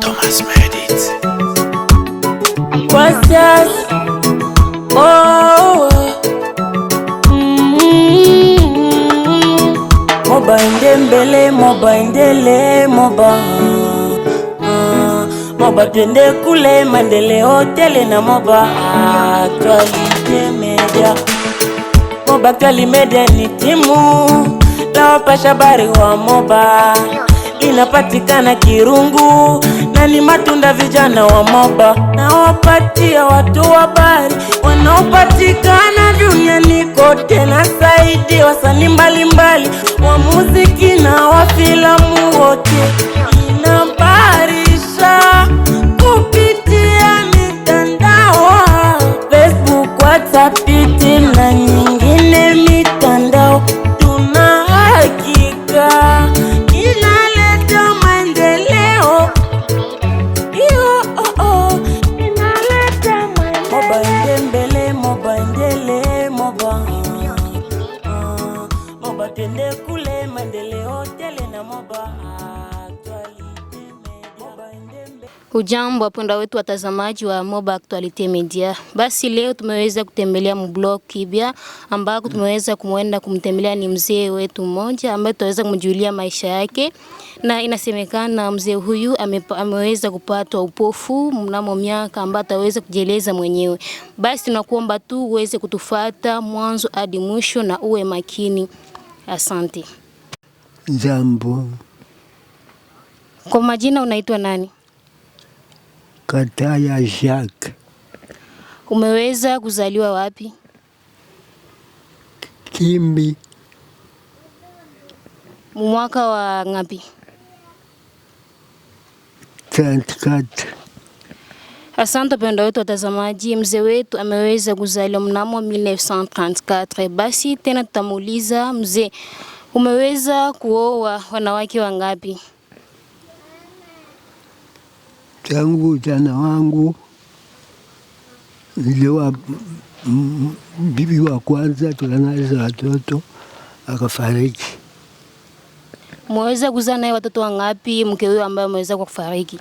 Thomas Medit kwa oh, oh. Moba ende mbele, moba endele, moba ah, ah. moba twende kule mandele hotele na moba Actualité ah, Media Moba Actualité Media ni timu la wapasha habari wa moba inapatikana Kirungu ni matunda vijana wa moba nawapatia watu wa wanaopatikana duniani kote, na saidi wasanii mbalimbali wa muziki na wa filamu wote Wapenda wetu watazamaji wa Moba Actualite Media, basi leo tumeweza kutembelea mblog Kibya ambako tumeweza kumwenda kumtembelea ni mzee wetu mmoja ambaye tutaweza kumjulia maisha yake, na inasemekana mzee huyu ame, ameweza kupatwa upofu mnamo miaka ambayo ataweza kujieleza mwenyewe. Basi tunakuomba tu uweze kutufata mwanzo hadi mwisho na uwe makini. Asante. Jambo. Kwa majina unaitwa nani? Kataya Jacques. Umeweza kuzaliwa wapi? Kimbi. Mwaka wa ngapi? Katikati. Asante pendo wetu watazamaji, mzee wetu ameweza kuzaliwa mnamo 1934. Eh, basi tena tutamuuliza mzee, umeweza kuoa wanawake wangapi? tangu ujana wangu nilioa bibi wa kwanza, tulanaeza watoto akafariki. Mweza kuzaa naye watoto wangapi? mke huyo ambaye ameweza kufariki?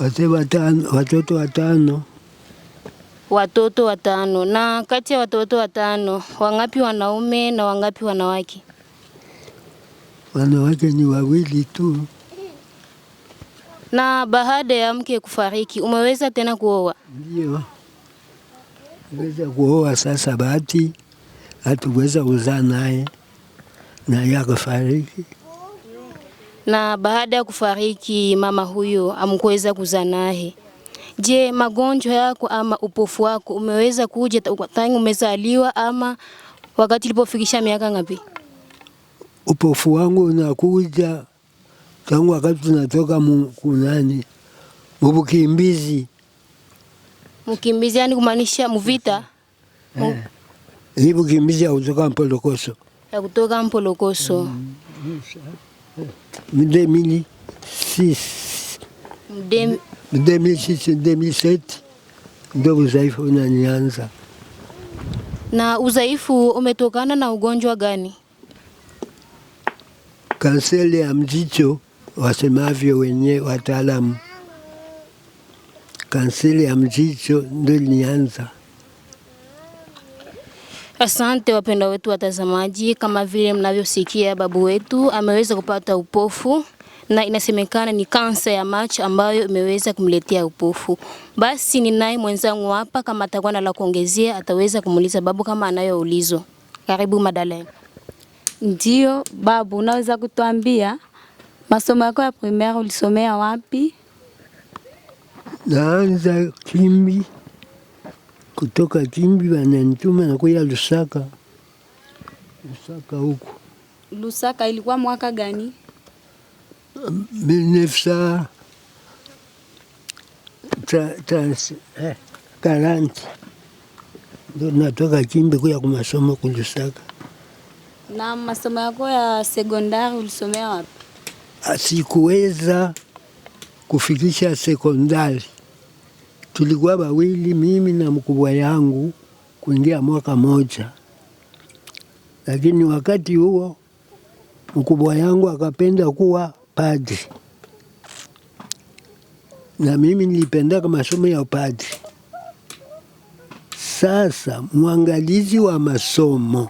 Wazee watano, watoto watano. Watoto watano. Na kati ya watoto watano, wangapi wanaume na wangapi wanawake? Wanawake ni wawili tu. Na baada ya mke kufariki umeweza tena kuoa? Ndio, weza kuoa sasa. Bahati hatuweza kuzaa naye, naye akafariki. Na baada ya kufariki mama huyo amkuweza kuzaa naye. Je, magonjwa yako ama upofu wako umeweza kuja tangu umezaliwa ama wakati ulipofikisha miaka ngapi? Upofu wangu unakuja tangu wakati tunatoka kunani mubukimbizi mkimbizi yani kumaanisha muvita yeah. Hii bukimbizi yakutoka mpolokoso yakutoka mpolokoso mm. mde mili sisi mde mili mde mili seti ndo uzaifu unanianza. Na uzaifu umetokana na ugonjwa gani? Kanseli ya mjicho wasemavyo wenye wataalamu. Kansili ya Mjicho ndio ilianza. Asante wapenda wetu watazamaji, kama vile mnavyosikia babu wetu ameweza kupata upofu na inasemekana ni kansa ya macho ambayo imeweza kumletea upofu. Basi ni naye mwenzangu hapa, kama atakuwa na la kuongezea ataweza kumuuliza babu kama anayoulizwa. Karibu Madalene. Ndio babu, unaweza kutuambia Masomo yako ya primaire ulisomea wapi? Naanza Kimbi, kutoka Kimbi wananituma nakuya Lusaka. Lusaka huku Lusaka ilikuwa mwaka gani? Binefsa eh, karanti ndo natoka Kimbi kuya kumasomo kulusaka. Na masomo yako ya sekondari ulisomea wapi? asikuweza kufikisha sekondari. Tulikuwa wawili, mimi na mkubwa yangu kuingia mwaka moja, lakini wakati huo mkubwa yangu akapenda kuwa padri na mimi nilipendaka masomo ya upadri. Sasa mwangalizi wa masomo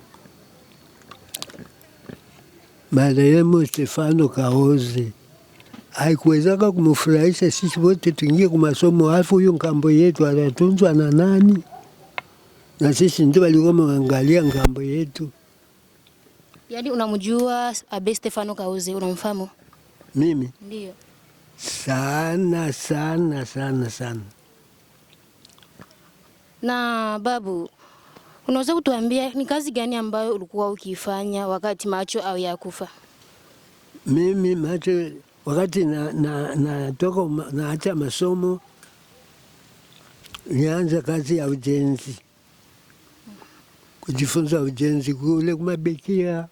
marehemu Stefano Kaozi haikuwezaka kumfurahisha sisi wote tuingie kwa masomo, alafu nkambo ngambo yetu atatunzwa na nani? Na sisi ndio walikuwa wameangalia ngambo yetu. Yaani, unamjua Abe Stefano Kaozi, unamfahamu? Mimi ndio sana sana sana sana. Na babu, Unaweza kutuambia ni kazi gani ambayo ulikuwa ukifanya wakati macho au ya kufa Mimi macho wakati natoka na, na naacha masomo nianza kazi ya ujenzi, kujifunza ujenzi kule kumabikia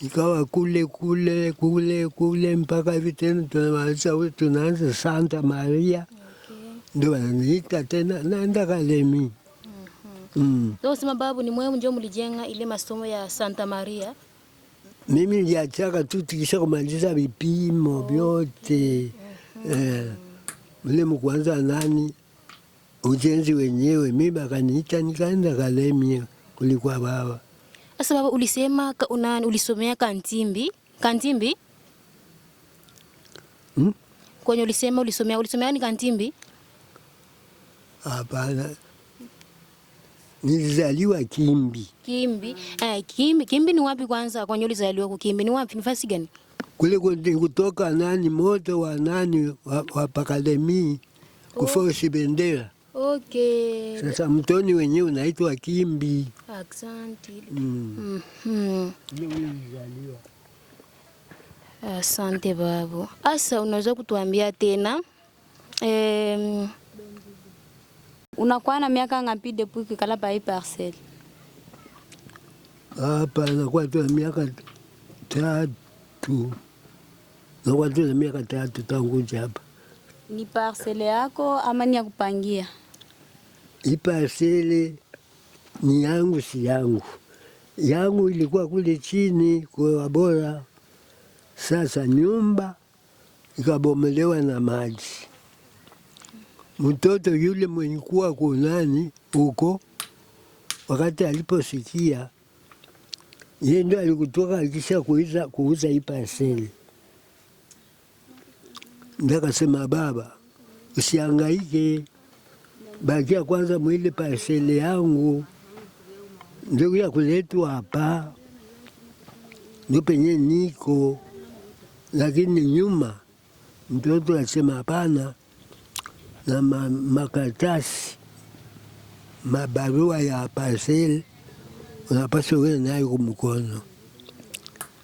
ikawa kule kule kule kule mpaka hivi tena tunamaliza, tunaanza Santa Maria, okay. Ndio wananiita tena naenda Kalemi mm. Sema babu, ni mwemu ndio mlijenga ile masomo ya Santa Maria? Mimi niliachaka tu tikisha kumaliza vipimo oh, vyote okay. Mm-hmm. Eh, mle mkuanza nani ujenzi wenyewe, mimi bakaniita nikaenda Kalemie kulikuwa baba. Sasa baba, ulisema unani ulisomea Kantimbi? Kantimbi? Hmm? Kwenye ulisema ulisomea ulisomea ni Kantimbi? Hapana. Nilizaliwa Kimbi. Kimbi. Eh, Kimbi. Kimbi ni wapi kwanza? Kwenye ulizaliwa ku Kimbi ni wapi? Nafasi gani? Kule kutoka nani moto wa nani wa, wa pakademi kufoshi bendera. Okay. Sasa mtoni wenyewe unaitwa Kimbi. Asante. Mm. Mm -hmm. Asante babu. Asa, unaweza kutuambia tena? Eh, unakuwa na miaka ngapi depuis kukala pa hii parcelle? Hapa nakuwa tu na miaka tatu, nakuwa tu na miaka tatu tangu nje hapa. Ni parcelle yako ama ni ya kupangia? Hii parcelle ni yangu, si yangu yangu ilikuwa kule chini kwa bora. Sasa nyumba ikabomelewa na maji mtoto yule mwenye kuwa kunani huko, wakati aliposikia ye ndo alikutoka akisha kuuza kuuza hii paseli, baba, usiangaike, bakia kwanza mwile paseli yangu ndio ya kuletwa hapa, ndo penye niko. Lakini nyuma mtoto asema hapana na makaratasi mabarua ya parcel unapaswa uwe nayo kumkono.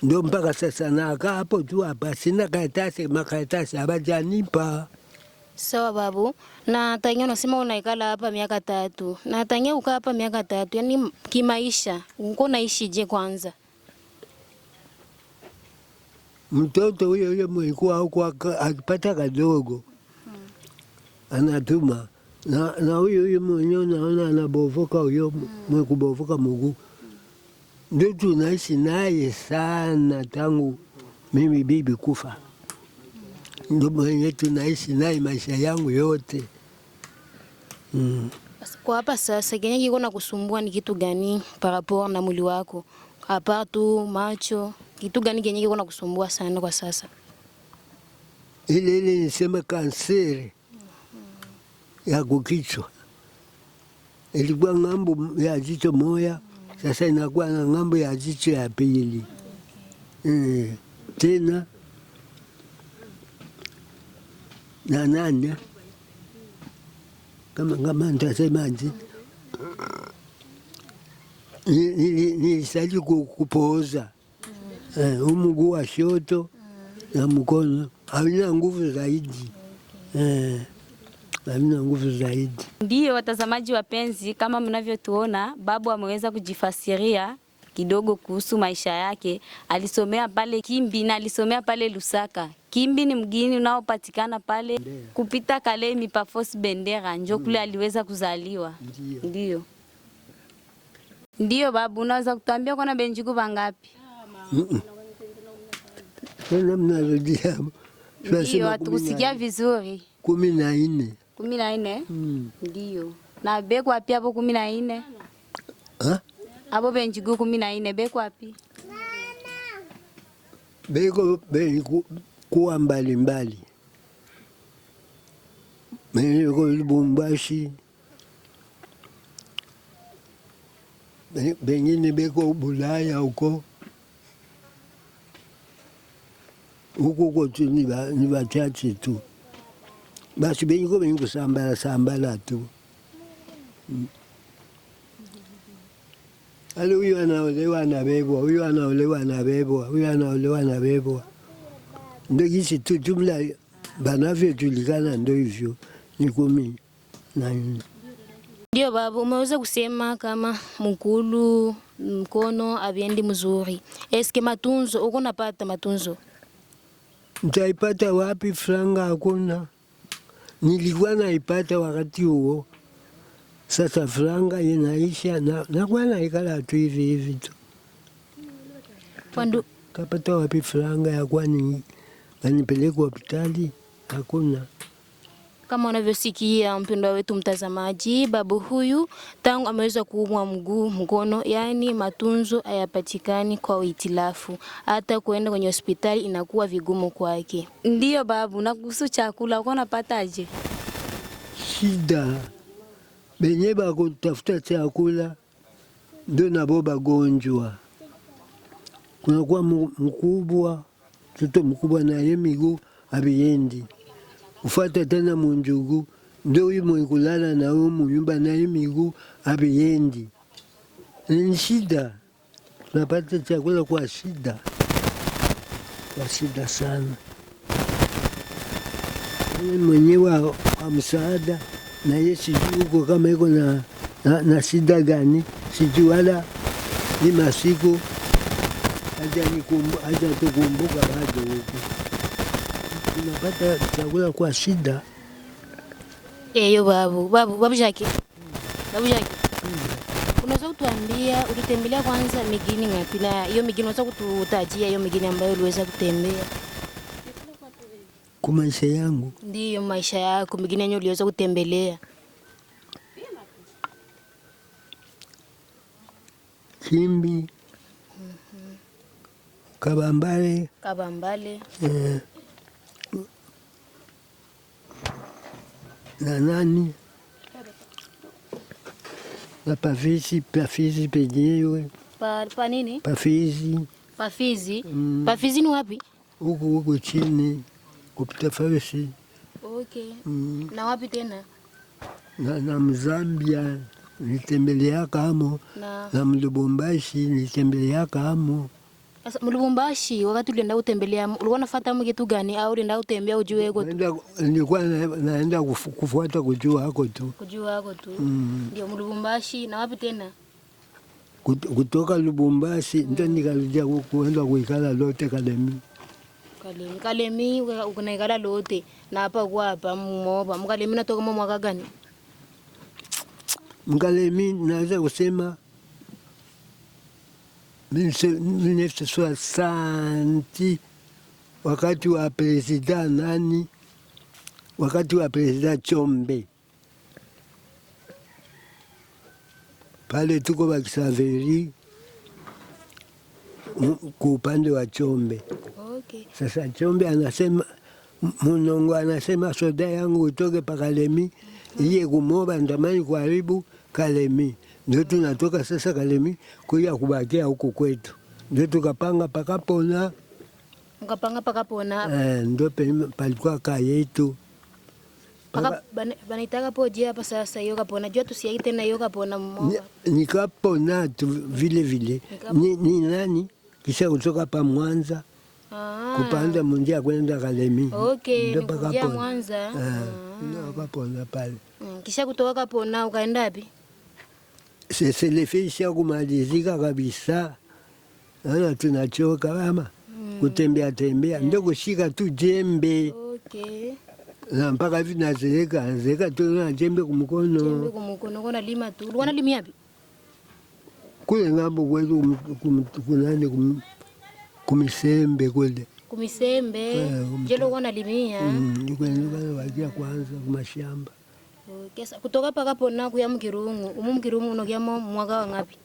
Ndio mpaka sasa nakaa hapo tu hapa, sina karatasi, makaratasi abajanipa. Sawa babu, na tangia unasema unaikala hapa miaka tatu, na tangia ukaa hapa miaka tatu, yani kimaisha uko naishi je? Kwanza mtoto huyo huyo mwikuwa huko akipata kadogo anatuma na, na huyu huyu mwenyewe naona anabovoka huyo mwe kubovuka mguu ndio tunaishi naye sana tangu mimi bibi kufa, ndio mwenye tunaishi naye maisha yangu yote mm. Kwa hapa sasa, kenye kiko na kusumbua ni kitu gani rapport na mwili wako, tu macho, kitu gani kenye kiko na kusumbua sana kwa sasa? Ile ile nisema kanseri ya kukichwa ilikuwa ng'ambo ya jicho moya, sasa inakuwa na ng'ambo ya jicho ya pili. E, tena na nane kama kama ntasemaje, nilistahili kupooza e, mguu wa shoto na mkono hawina nguvu zaidi e hamna nguvu zaidi. Ndiyo watazamaji wapenzi, kama mnavyotuona, babu ameweza kujifasiria kidogo kuhusu maisha yake. Alisomea pale Kimbi na alisomea pale Lusaka. Kimbi ni mgini unaopatikana pale Ndea, kupita Kalemi pa Bendera njo mm. kule aliweza kuzaliwa. Ndiyo, ndiyo babu, unaweza kutuambia kona benjiku bangapi? Ndiyo, hatukusikia vizuri. kumi na nne kumi na nne hmm. ndio na beko wapi hapo kumi na nne hapo benjigu kumi na nne beko wapi? Beko kuwa mbalimbali, beliko Lubumbashi, bengine beko Bulaya huko huko, huko ni wachache tu basi benyiko benyi kusambala sambala tu ali huyu anaolewa anabebwa, huyu anaolewa bebwa huyu anaolewa anabebwa. Ndo jinsi tu jumla banavyojulikana, ndo hivyo ni kumi na nne. Ndio babu, umeweza kusema kama mkulu mkono aviendi mzuri. Eske matunzo uko napata matunzo? Ntaipata wapi? Franga hakuna nilikuwa naipata wakati huo. Sasa franga inaisha na nakuwa naikala tu hivi hivi tu. Kapata wapi franga ya kwani kanipeleka hospitali? Hakuna. Kama unavyosikia mpendwa wetu mtazamaji, babu huyu tangu ameweza kuumwa mguu mkono, yaani matunzo hayapatikani kwa uhitilafu, hata kuenda kwenye hospitali inakuwa vigumu kwake. Ndiyo babu, na kuhusu chakula uko napataje? Shida benye bakutafuta chakula ndio nabo bagonjwa, kunakuwa mkubwa mtoto mkubwa naye miguu abiyendi ufata tena munjugu ndio huyu mwe kulala nawo munyumba naye miguu aviyendi. Ni shida, tunapata chakula kwa shida, kwa shida sana. Mwenyewe wa msaada naye sijui huko kama iko na, na, na shida gani sijui, wala ni masiku hajatukumbuka bado huku unapata chakula kwa shida. Eyo babu babu babu Jaki, babu Jaki, unaweza kutuambia ulitembelea kwanza migini ngapi, na hiyo migini unaweza kututajia hiyo migini ambayo uliweza kutembea kwa maisha yangu? Ndiyo, maisha yako, migini yenyewe uliweza kutembelea. Kimbi, mhm. Kabambale, Kabambale, yeah. na nani na pafizi pafizi penyewe pa, pa nini? Pafizi pafizi mm. Pafizi ni wapi? Huku huku chini kupita Farisi. Okay. Mm. Na wapi tena? Na, na Mzambia nitembeleaka hamo na, na Mlubumbashi nitembeleaka hamo Mlubumbashi, wakati ulienda kutembelea, ulikuwa unafuata mkitu gani au ulienda kutembea ujue huko tu? Nilikuwa naenda kufuata kujua huko tu. Kujua huko tu. Mm. Ndio Mlubumbashi na wapi tena? Kutoka Lubumbashi ndio mm. nikarudia kuenda kuikala lote Kalemi. Kalemi, Kalemi unaikala lote na hapa kwa hapa mmoba. Mkalemi natoka mwaka gani? Mkalemi naweza kusema 1960 wakati wa presida nani, wakati wa presida Chombe pale tuko Bakisaveri ku upande wa Chombe. Okay. Sasa Chombe anasema Munongo anasema soda yangu utoke pa Kalemi mm-hmm. iye kumoba ndamani kuharibu Kalemi ndio tunatoka sasa Kalemi kuja kubakia huku kwetu, ndio tukapanga pakapona, mkapanga pakapona eh, ndio palikuwa kaa yetu nikapona tu vile vile ni, ni nani kisha kutoka pa Mwanza ah. kupanda munjia kwenda Kalemi ndo eh, pakapona pale mm, kisha kutoka kapona ukaenda wapi? selefiisha kumalizika kabisa, ana tunachoka mama mm. kutembea tembea ndio kushika tu jembe okay. na mpaka hivi nazeka nazeka tu na jembe kumkono kule ngambo kwetu kunani kumisembe kule kumisembe jelo kona kwanza kumashamba Kesa kutoka pona kuya mkirungu umu mukirungu unokyamo mwaka wa ngapi?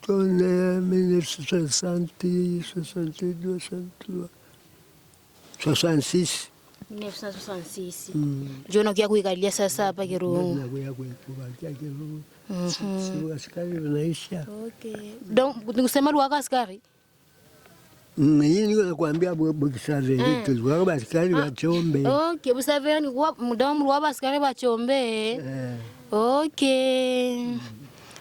Tone mille soixante soixante deux soixante soixante six mm. jonokia kuikalia sasa hapa Kirungu. Mm-hmm. Askari wanaisha. Okay. Ndio nikusema ruaka askari mimi mm, niko nakwambia busave vitu mm. zwa basikari bachombe. Ah. Okay, busave yani kwa mudamu wa basikari bachombe. Eh. Okay.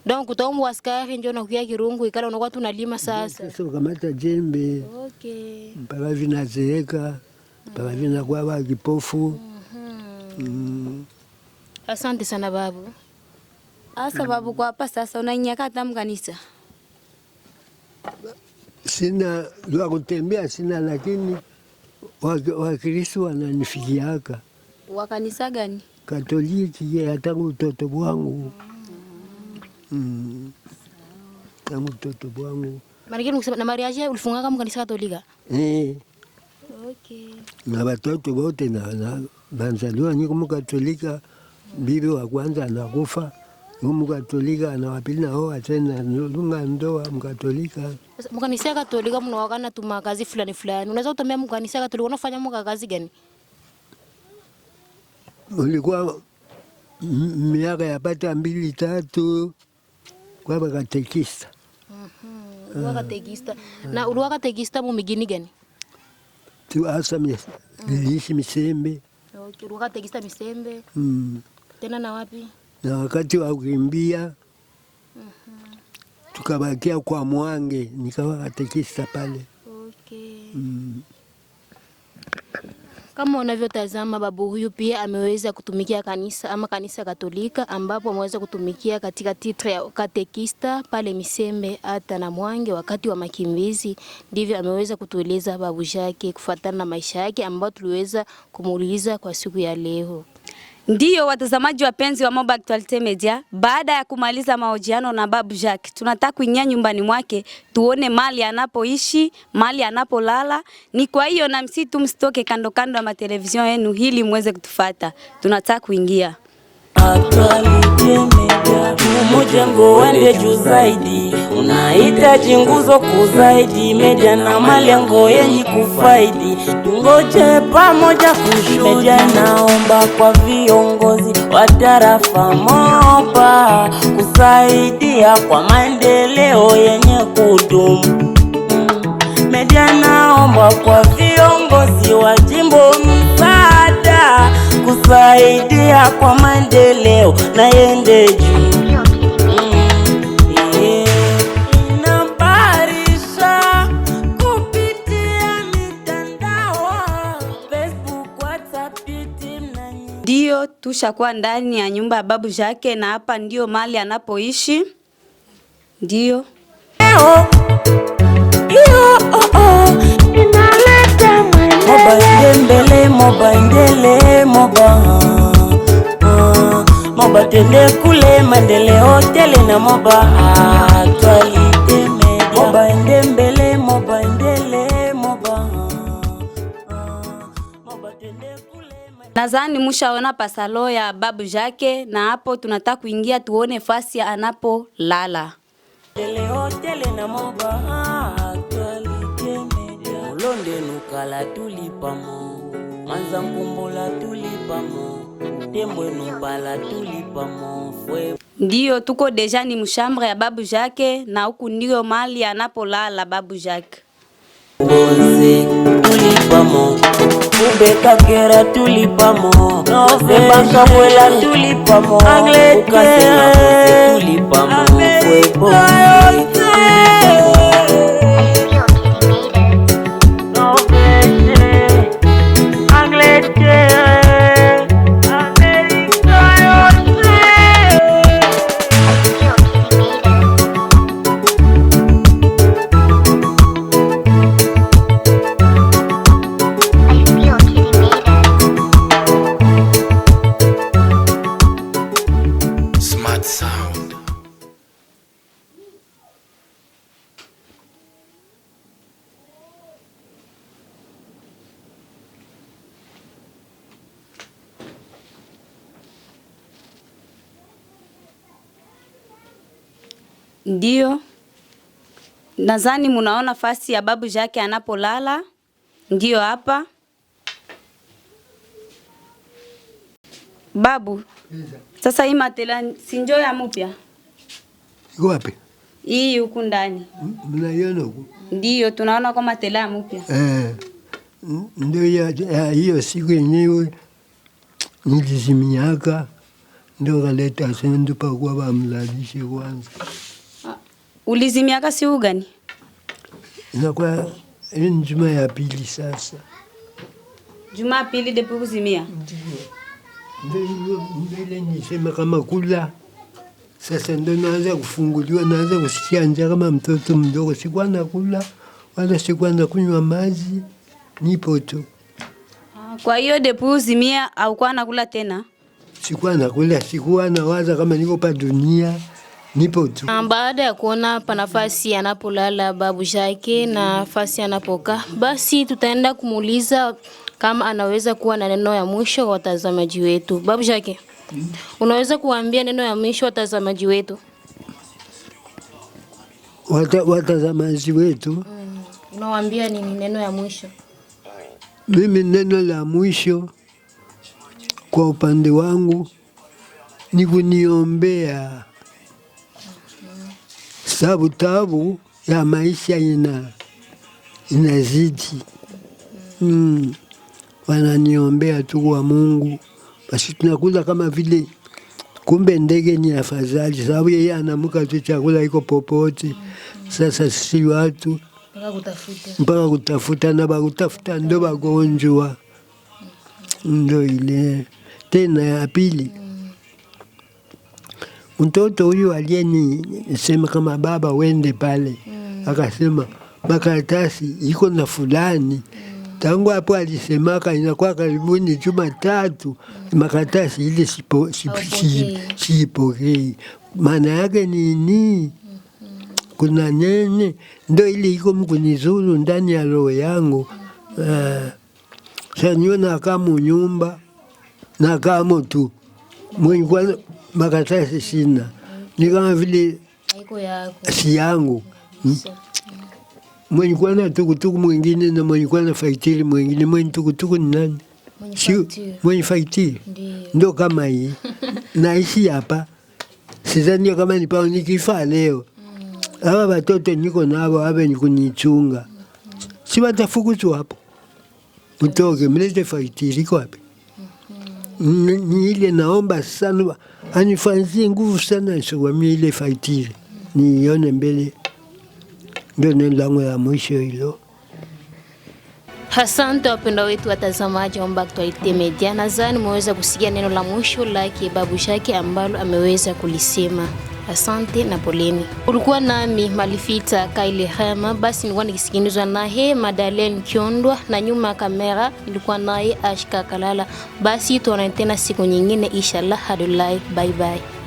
Donc kutomu wasikari ndio nakuya kirungu ikala unakuwa tunalima sasa. ukamata jembe. Okay. Mpaka vinazeeka. kipofu. Mhm. Mm. Asante sana babu. Asa mm. babu kwa hapa sasa unanyakata mkanisa sina la kutembea sina, lakini Wakristo wananifikiaka. Wa kanisa gani? Katoliki ya tangu utoto wangu mm. tangu utoto wangu kusema na mariaje ulifunga kama kanisa Katolika eh. Okay. na watoto wote na na banzaliwa kama Katolika, bibi wa kwanza anakufa mukatolika na wapili nao atena lunga ndoa mkatolika mkanisa ya katolika mnaokana kazi fulani fulani unaweza kutambia mkanisa ya katolika unafanya muka kazi gani ulikuwa miaka yapata mbili tatu kwa bakatekista mm-hmm, wakatekista na uli mumigini gani tu mm. liishi misembe wakatekista misembe mm. tena na wapi na wakati wa kukimbia mhm. tukabakia kwa Mwange, nikawa katekista pale. Okay. Mm. Kama unavyotazama babu huyu pia ameweza kutumikia kanisa ama kanisa Katolika, ambapo ameweza kutumikia katika titre ya katekista pale Misembe hata na Mwange wakati wa makimbizi. Ndivyo ameweza kutueleza babu yake kufuatana na maisha yake ambayo tuliweza kumuuliza kwa siku ya leo. Ndiyo watazamaji wapenzi wa Moba Actualite Media, baada ya kumaliza mahojiano na Babu Jack, tunataka kuingia nyumbani mwake tuone mali anapoishi, mali anapolala. Ni kwa hiyo na msitu, msitoke kando kando ya matelevizion yenu ili muweze kutufata, tunataka kuingia umoja ngo juu zaidi, unahitaji nguzo kuzaidi media na malengo yenye kufaidi, tungoje pamoja kushuhudia. Naomba kwa viongozi wa tarafa Mopa kusaidia kwa maendeleo yenye kudumu. Media naomba kwa viongozi wa jimbo kusaidia kwa maendeleo na yende juu. Mm, ndio tushakuwa ndani ya nyumba ya babu Jake, na hapa ndio mali anapoishi ndio. Eo, iyo, oh, oh. moba moba tende kule mandeleo tele na moba twalite ende mbele moba endele moba Nadhani mushaona pasalo ya babu Jake, na hapo tunataka kuingia tuone fasi anapolala Mulonde nukala tulipamo manza nkumbola tulipamo tembwenu mbala tulipamo fwe ndiyo tuko deja ni mshambre ya babu Jacques na huku ndiyo mali anapolala babu Jacques bozi tulipamo ubekakera tulipamo ebakamwela tulipamo anglete tulipamo fwe bozi Ndio, nadhani munaona fasi ya babu jake anapolala, ndio hapa babu. Sasa hii matela sinjo ya mupya iko wapi? Hii huku ndani hmm? mnaiona huku, ndio tunaona kwa matela ya mupya eh, hmm? ndio hiyo siku yenyewe nilizimiaka, ndio kaleta sendu pakuwa wamlalishe kwanza miaka si ugani? Inakuwa hiyo ni juma ya pili sasa. Juma ya pili depo kuzimia? Ndio. Mbele nisema kama kula sasa ndo naanza kufunguliwa, naanza kusikia njaa kama mtoto mdogo. Sikuwa nakula wala sikuwa nakunywa maji, nipo tu. Ah, kwa hiyo depu zimia, au kwa nakula tena? Sikuwa nakula, sikuwa nawaza kama niko pa dunia. Nipo tu. Baada ya kuona hapa nafasi anapolala babu yake na nafasi anapokaa, basi tutaenda kumuuliza kama anaweza kuwa na neno ya mwisho kwa watazamaji wetu. Babu yake, unaweza kuambia neno ya mwisho watazamaji wetu? Wata, watazamaji wetu mm. Unawaambia nini neno ya mwisho? Mimi neno la mwisho kwa upande wangu ni kuniombea sababu tabu ya maisha ina inazidi. Mm. Wananiombea tu kwa Mungu, basi tunakula kama vile kumbe ndege ni afadhali, sababu yeye anamka tu, chakula iko popote. Sasa si watu mpaka kutafuta, mpaka kutafuta na bakutafuta ndo bagonjwa, ndo ile tena ya pili mtoto huyu sema kama baba wende pale mm. akasema makaratasi iko na fulani mm. tangu hapo alisemaka inakuwa karibuni tatu mm. makaratasi ile siipokei. Maana yake nini? Mm-hmm. Kuna nene ndo ile iko mkunizuru ndani ya roho yangu mm. uh, eh, sanio nakamunyumba nakamo tu mwenkwa makatasi sina, ni kama vile si yangu hmm? mwenye kuwa na tukutuku mwingine na mwenye kuwa na faitili mwingine. Mwenye tukutuku ni nani? Sio mwenye faitili ndo kama hii naishi hapa, sidhani kama nipao nikifa leo hmm. awa watoto niko navo avenye kunichunga si watafukutu hapo, mtoke mlete faitili iko wapi? Mhm. Niile naomba sana anifanzie nguvu sana nisuwamie ile faiti niione mbele, ndio neno langu la mwisho hilo. Asante wapendwa wetu watazamaji wa Mbaki Actualite Media, nadhani mmeweza kusikia neno la mwisho lake babu Shake ambalo ameweza kulisema. Asante na poleni. Ulikuwa nami Malifita Kaile Hema, basi nilikuwa nikisikilizwa naye Madalen Kiondwa na nyuma ya kamera nilikuwa naye Ashka Kalala. Basi tuonane tena siku nyingine inshallah. Hadulai, bye bye.